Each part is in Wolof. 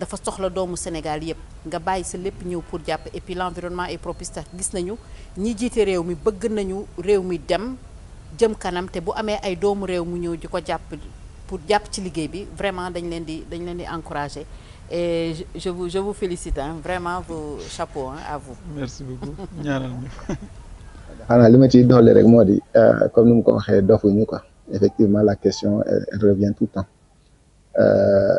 dafa soxla doomu Sénégal yépp nga bàyyi sa lépp ñëw pour jàpp et puis l'environnement est propice tax gis nañu ñi jiite réew mi bëgg nañu réew mi dem jëm kanam te bu amee ay doomu réew mu ñëw di ko jàpp pour jàpp ci liggéey bi vraiment dañ leen di dañ leen di encourager et je vous je vous félicite hein vraiment vous chapeau hein, à vous. merci beaucoup ñaanal ñu. xanaa li ma ciy dolli rek moo di euh, comme ni mu ko waxee dofuñu quoi effectivement la question elle revient tout le temps. Euh,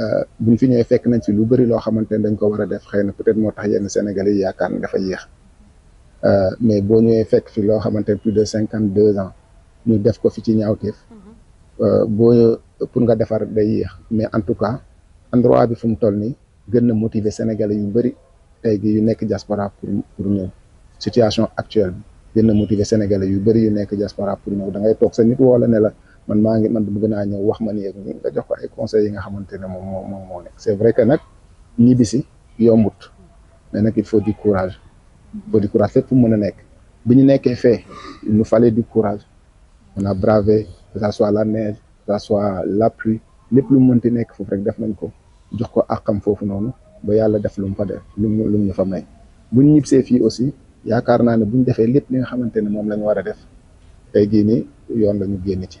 Euh, buñ fi ñëwee fekk nañ ci lu bëri loo xamante ne dañ ko war a def xëy na peut-être moo tax yenn Sénégalais yi yaakaar ne dafa yéex euh, mais boo ñëwee fekk fi loo xamante ne plus de cinquante deux ans ñu def ko fi ci ñaawteef mhm. euh, boo pour nga defar day yéex mais en tout cas endroit bi fu mu toll nii gën na motiver Sénégalais yu bëri tey gi yu nekk diaspora pour pour ñëw situation actuelle bi gën na motiver Sénégalais yu bëri yu nekk diaspora pour ñëw da ngay toog sa nit woo la ne la man maa ngi man bëgg naa ñëw wax ma ni ak nga jox ko ay conseils yi nga xamante ne moom moom moo nekk c'est vrai que nag ñibbisi yombut mais nag il faut du courage il faut mën a nekk bi ñu nekkee fee il nous fallait courage on a bravé que soit la neige que soit la lépp lu mu mënti nekk foofu rek def nañ ko jox ko àqam foofu noonu ba yàlla def lu mu fa def lu lu ñu fa may bu ñu ñibbisee fii aussi yaakaar naa ne bu ñu defee lépp li nga xamante ne moom la war a def tey jii nii yoon la ñu génn ci.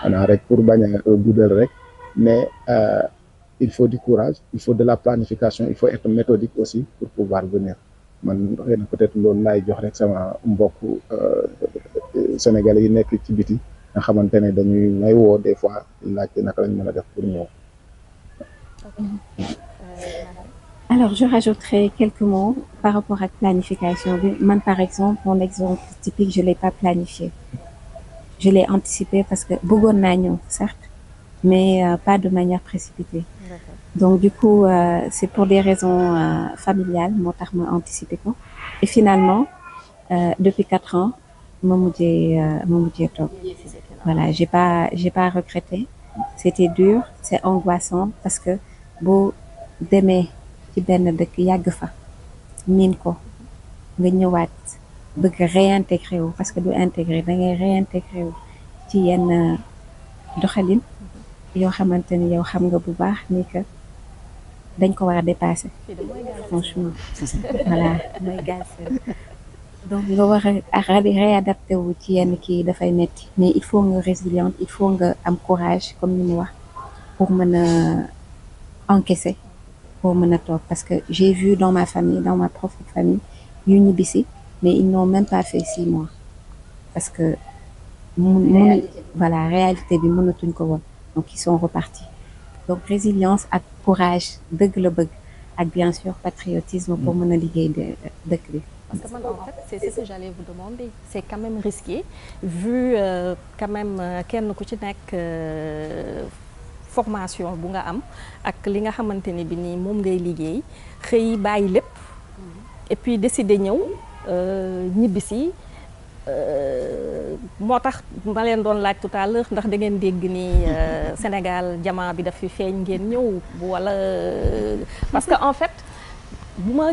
xanaa rek pour bañ a euh, goudel rek mais euh, il faut du courage il faut de la planification il faut être méthodique aussi pour pouvoir venir man xëy peut-être loolu lay jox rek sama mbokk euh, sénégalais yi nek ci biti nga xamantene dañuy may wo des fois laajte nak lañ mën def pour ñëw. Euh, alors je rajouterai quelques mots par rapport à la planification man par exemple mon exemple typique je l'ai pas planifié je l'ai anticipé parce que beaucoup de certes mais euh, pas de manière précipitée donc du coup euh, c'est pour des raisons euh, familiales mon terme anticipé. et finalement depuis quatre ans je n'ai voilà j'ai pas j'ai pas regretté c'était dur c'est angoissant parce que je d'aimer ci benn de bëgg réintégré wu parce que du intégré da ngay réintégré wu ci yenn euh, doxalin yoo xamante ni yow xam nga bu baax ni que dañ ko war a dépassé franchement voilà mooy gaz donc nga war a réadapté wu ci yenn kii dafay metti mais il faut nga résiliente il faut nga am courage comme ni mu wax pour mën a encaisser pour mën a toog parce que j'ai vu dans ma famille dans ma propre famille ñu ñibbisi mais ils n'ont même pas fait six mois parce que la voilà réalité bi mënatuñ ko donc ils sont repartis donc résilience courage de globe, bien sûr patriotisme pour mën a de, de en fait, c'est ce que j'allais vous demander. C'est quand même risqué, vu euh, quand même une euh, ci euh, formation bu nga am ak que nga xamante bi nii moom et puis décider ñëw euh, ñibbisi euh, ma tout à l'heure ndax da ni euh, Sénégal jamaa bi fi parce que en fait bu ma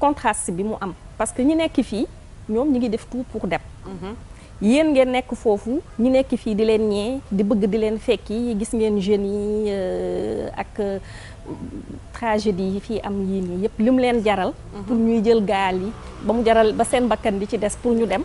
contraste bi mu parce que ñi nekk fii ñoom ñi tout pour dem mhm. yéen nekk ñi nekk di di bëgg di gis ak tragédie yi fii am yii nii li lim leen jaral. Mhm. pour ñuy jël gaal yi ba mu jaral ba seen bakkan di ci des pour ñu dem.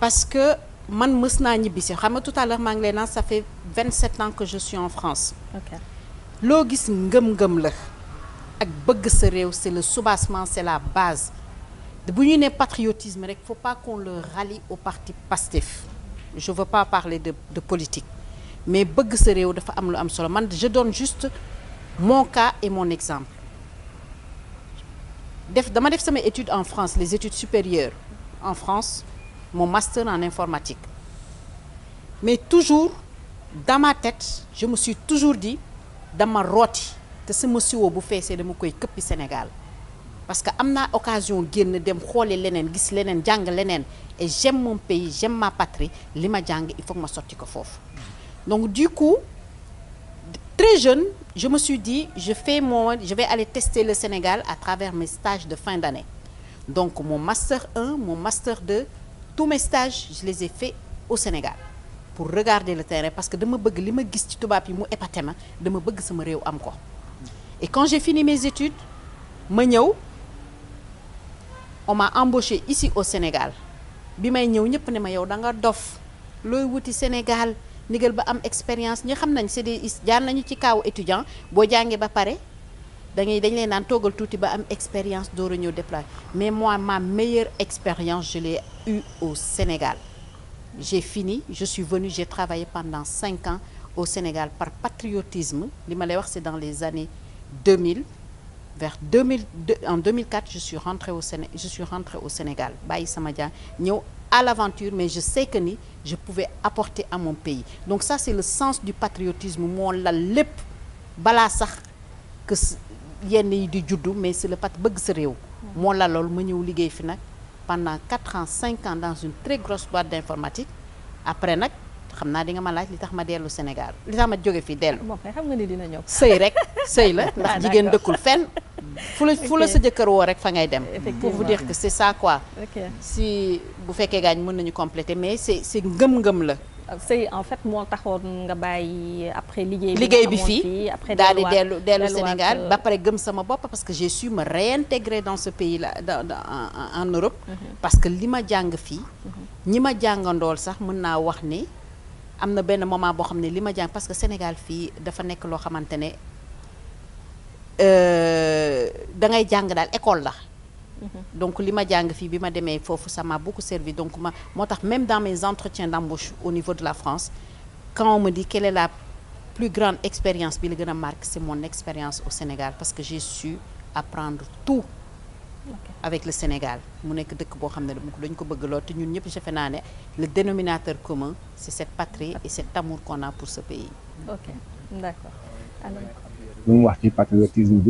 parce que man musna ñibisi tout à l'heure ça fait 27 ans que je suis en France Lo gis ngëm-ngëm c'est le soubassement c'est la base bu ñu ne patriotisme rek faut pas qu'on le rallie au parti pastif. je veux pas parler de politique mais bëgg sa am lu je donne juste mon cas et mon exemple def dama def en France les études supérieures en France mon master en informatique. Mais toujours, dans ma tête, je me suis toujours dit, dans ma route, que ce monsieur au bouffé, c'est de me couper Sénégal. Parce que j'ai l'occasion de dem des choses, des choses, et j'aime mon pays j'aime ma patrie choses, il faut que donc du coup très jeune je me suis dit je fais moi, je vais aller tester le Sénégal à travers mes stages de fin d'année donc mon master 1 mon master 2 tous mes stages je les ai faits au Sénégal pour regarder le terrain parce que dama me li ma gis ci tubaab yi mu épaté ma dama bëgg sama réew am ko et quand j'ai fini mes études ma on m'a embauché ici au Sénégal bi may ni ñëpp ne ma yow da nga dof looy Sénégal nigel ba am expérience ni xam nañ c'est des jaar nani ci kaaw étudiant boo ba pare il dañ leen ba am expérience door ñeu mais moi ma meilleure expérience je l'ai eue au Sénégal j'ai fini je suis venu, j'ai travaillé pendant cinq ans au Sénégal par patriotisme li c'est dans les années 2000 vers 2002 en 2004 je suis rentrée au Sénégal. je suis rentré au Sénégal baye sama à l'aventure mais je sais que ni je pouvais apporter à mon pays donc ça c'est le sens du patriotisme Moi, la lépp balasar que yenn yi di juddu mais c'est le pat bëgg sa réew. moo la lool ma ñëw liggéey fi nag pendant quatre ans cinq ans dans une très grosse boîte d'informatique après nag xam naa di nga ma laaj li tax ma dellu Sénégal li tax ma jóge fii dellu. xam nga ni dina ñëw. sëy rek sëy la ndax ah, jigéen dëkkul fenn. fu la fu la sa jëkkër woo rek fa ngay dem. pour vous dire que c'est ça quoi. si bu fekkee gaañ mën nañu compléter mais c'est c'est ngëm-ngëm la c'est en fait moi taxone nga baye après liguey bi liggéey bi fii après daal di dellu Sénégal euh, ba pare gëm sama bop parce que j'ai su me réintégrer dans ce pays là en Europe mhm. parce que lima jang fi fii mhm. ñi ma jàngandool sax mëna wax ni amna ben moment bo xamné lima jang parce que Sénégal fi dafa nek lo xamantene euh da ngay jang d'al école là donc lima que fi bima démé ma ça m'a beaucoup servi donc même dans mes entretiens d'embauche au niveau de la France quand on me dit quelle est la plus grande expérience bi la c'est mon expérience au Sénégal parce que j'ai su apprendre tout avec le Sénégal mu nek dëkk ko bëgg le dénominateur commun c'est cette patrie et cet amour qu'on a pour ce pays. ok d'accord alors. patriotisme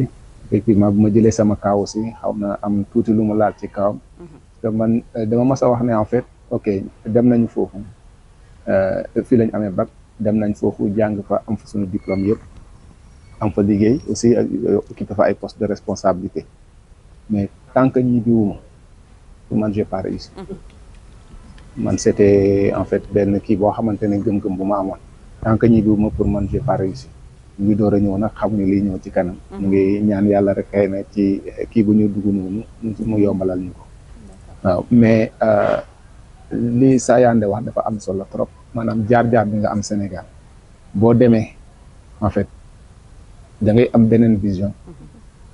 et puis ma jëlé sama kaw aussi xawna am touti luma ma laal ci kaw mhm. da man eh, dama mas a wax né en fait ok dem fofu euh fi lañ amé bac dem nañ fofu jang fa am fa suñu diplôme yépp am fa liggéey aussi eh, occupé fa ay poste de responsabilité mais tant que ñi biwuma man j'ai pas réussi man c'était en fait ben ki bo xamante gëm-gëm bu ma tant que ñi pour man j'ai pas réussi mhm ngi door a nak xamni li ne ci kanam mhm. ngi ñaan yalla rek xëy na ci eh, ki bu ñu dugg noonu mu yombalal ñuko waaw ah, mais ah, li saayaande wax dafa am solo trop manam jaar-jaar bi nga am senegal bo demee en fait da ngay am benen vision mhm.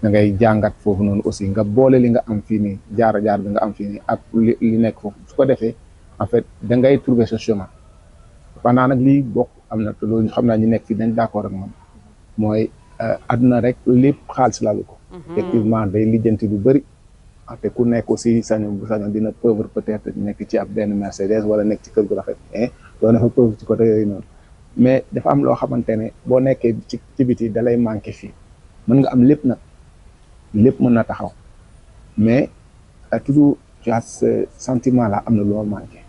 da ngay jangat fofu non aussi nga boole li nga am fi ni jaar-jaar bi nga am fi ni ak li nekk fofu su ko defee en fait da ngay trouver ce chemin pendant nak li bok am to lo xamna ñu nekk fi dañ d'accord ak moy aduna euh, rek lepp xaalis lalu ko mhm. effectivement day lijjanti lu bari te ku nekk aussi sañu bu sañu dina pauvre peut-être nekk ci ab ben Mercedes wala nekk ci keur gu rafet hein do na fa pauvre ci côté yooyu non mais dafa am lo xamantene bo boo ci tibiti dalay da fi mën nga am lepp nak lepp mën na taxaw mais toujours tu as ce sentiment là amna lo loo manqué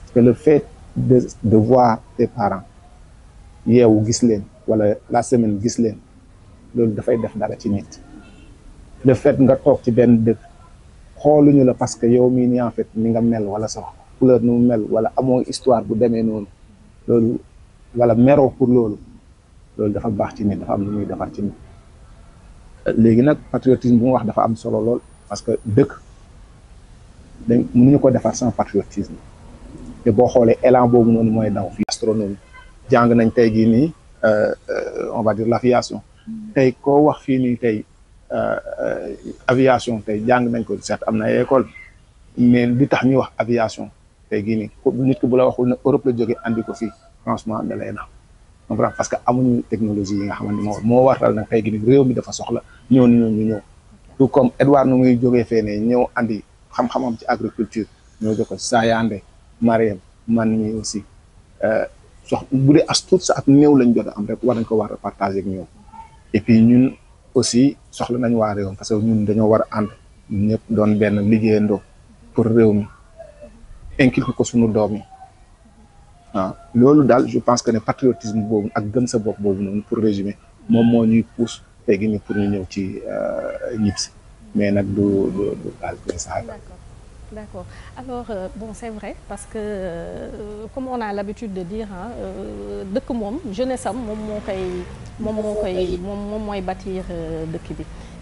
parce que le fait de de voir tes parents yeewu gis len wala la semaine gis leen loolu dafay def dara ci nit le fait nga toog ci benn dëkk xooluñu la parce que yow mii ni en fait ni nga mel wala so couleur nu mel wala amoo histoire bu demee noonu loolu wala meroo pour loolu loolu dafa baax ci nit dafa am lu muy defar ci nit léegi nag patriotisme bu mu wax dafa am solo lool parce que dëkk dañ ñu ko defar sans patriotisme te boo xoolee élan boobu noonu mooy daw fi astronomie jàng nañ tey jii nii Euh, euh, on va dire l'aviation, aviation ko wax fii nii tey euh, aviation tay jang nañ ko certes am na école mais li tax ñu wax aviation tey gii nii nit ki bu la waxul na Europe la jóge andi ko fi franchement da lay na comprendre parce que amuñu technologie yi nga xamante mo moo waral nag tey gii nii réew mi dafa soxla ñew ñu ñu ñew tout comme Edouard nu muy jógee fee ne andi xam-xamam ci agriculture ñoo joko ko Sayande Mariam man mi aussi sox bu dee as tuut sa ak néew lañ jot am rek war nañ ko war a partager ak ñoom et puis ñun aussi soxla nañ waar réew mi parce que ñun dañoo war a ànd ñëpp doon benn liggéeyandoo pour réew mi inculquer ko suñu doom yi ah, loolu daal je pense que ne patriotisme boobu ak gëm sa bopp boobu noonu pour résumer moom moo ñuy pousse gi ni pour ñu ñëw ci euh, ñib si mais nag du du du daal D'accord. Alors, euh, bon, c'est vrai, parce que, euh, comme on a l'habitude de dire, de hein, euh, ne sais pas, pas, mon de bâtir euh,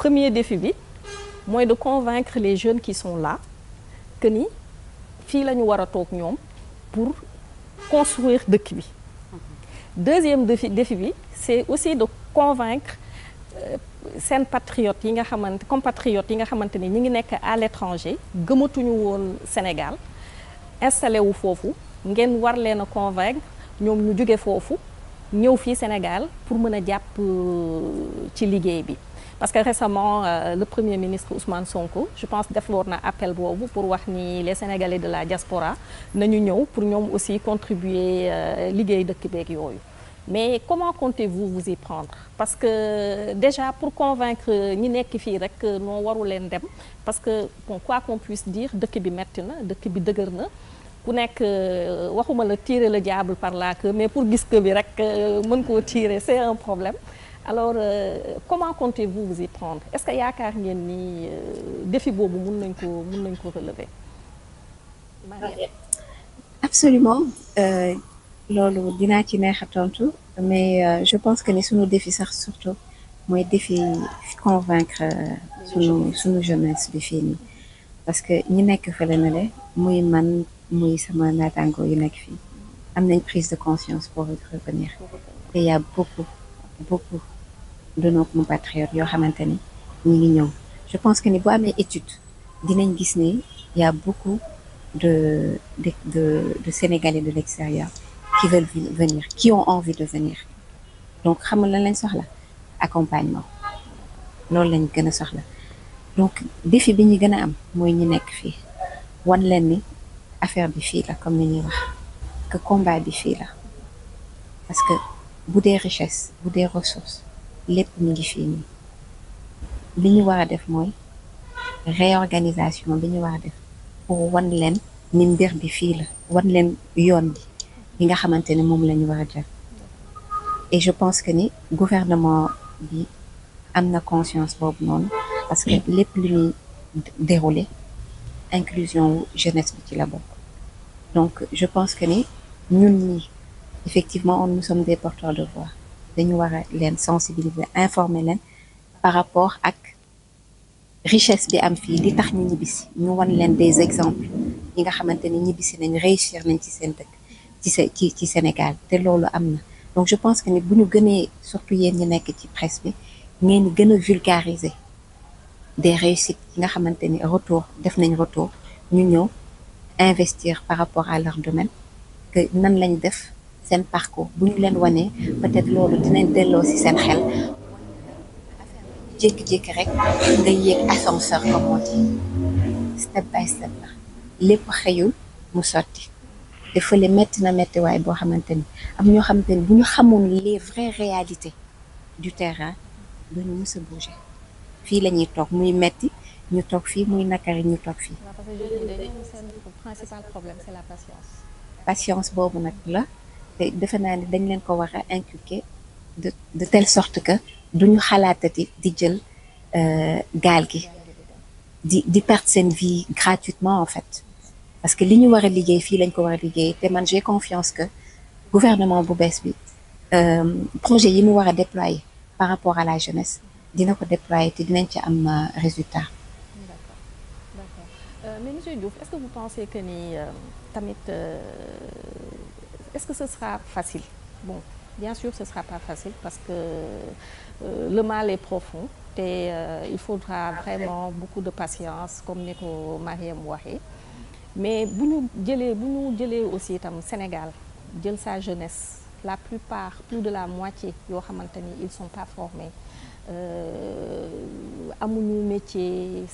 premier défi bi moy de convaincre les jeunes qui sont là que ni fi lañu wara tok ñom pour construire dëkk bi deuxième défi défi bi c'est aussi de convaincre euh, seen patriotes yi nga xamante compatriotes yi nga xamante ni ñi ngi nekk à l'étranger ñu woon Sénégal installé wu Fofu, ngeen war leen convaincre ñom ñu jóge Fofu, ñëw fi Sénégal pour mëna japp euh, ci liggéey bi parce que récemment euh, le premier ministre Ousmane Sonko je pense que un appel pour wax ni les sénégalais de la diaspora nañu ñëw pour nous aussi contribuer euh, liggéey de Québec. mais comment comptez-vous vous y prendre parce que déjà pour convaincre ñi nekk fii rek que waru leen dem parce que quoi qu'on puisse dire de bi metti na dëkk bi dëgër na ku nekk euh, waxuma la tirer le diable par la queue mais pour gis que bi rek tirer c'est un problème alors euh, comment comptez-vous vous y prendre est-ce qu'il a yaakaar ngeen ni euh, défi boobu mun nañ ko mun nañ ko relever. absolument euh, loolu dinaa ci mais je pense que ni sunu défi sax surtout mon défi convaincre sunu sunu jeunesse bi parce que ni nekk fële na le muy man muy sama naataango yu nekk fii am prise de conscience pour revenir et il y a beaucoup beaucoup de nos compatriotes yoo xamante ni ñi ngi ñëw je pense que ni boo amee étude dinañ gis ni y a beaucoup de de de, Sénégalais de l'extérieur qui veulent venir qui ont envie de venir donc xam lan lañ soxla accompagnement loolu lañ gën a soxla donc défi bi ñu gën a am mooy ñi nekk fii wan leen ni affaire bi fii la comme ni ñuy wax que combat bi fii la parce que bu dee richesse bu dee ressource lépp mi ngi fii nii li ñu war a def mooy réorganisation bi ñu war a def pour wan leen ni mbir bi fii la wan leen yoon bi bi nga xamante ne moom la ñu war a jël et je pense que ni gouvernement bi am na conscience boobu noonu parce que lépp lu ñuy déroulé inclusion jeunesse bi ci la bokk donc je pense que ni ñun ñi effectivement nous sommes des porteurs de voix Nous war a sensibiliser informer par rapport la richesse de am fii li tax des exemples Nous nga xamante ni ñibbisi réussir au ci ci ci Sénégal donc je pense que si nous avons surtout yéen ñi nekk ci presse nous voulons vulgariser des réussites yi nga xamante ni retour def nañ retour ñu investir par rapport à leur domaine que nan lañ def parcours bu ñu leen peut-être xel rek ascenseur comme on dit step by step la lépp mu sotti dafa le metti na boo xamante ni am ñoo xamante ni les vraies réalités du terrain duñu nous a bouger muy metti ñu muy nakari ñu principal c'est la patience. patience de faire naa ne dañ leen ko war de de telle sorte que duñu xalaatati di jël euh, gaal gi di di perdre seen vie gratuitement en fait parce que li ñu war a liggéey fii lañ ko a man j'ai confiance que gouvernement bu bees bi euh, projet yi mu par rapport à la jeunesse dina ko déployer te dinañ ci am euh, résultat. d'accord d'accord mais monsieur Diouf est-ce que vous pensez que ni tamit. Est-ce que ce sera facile Bon, bien sûr, ce ne sera pas facile parce que euh, le mal est profond et euh, il faudra vraiment beaucoup de patience, comme nous Marie Mouahe. Mais vous nous avons aussi au Sénégal, jël sa jeunesse, la plupart, plus de la moitié, ils ne sont pas formés. Euh, amuñu métier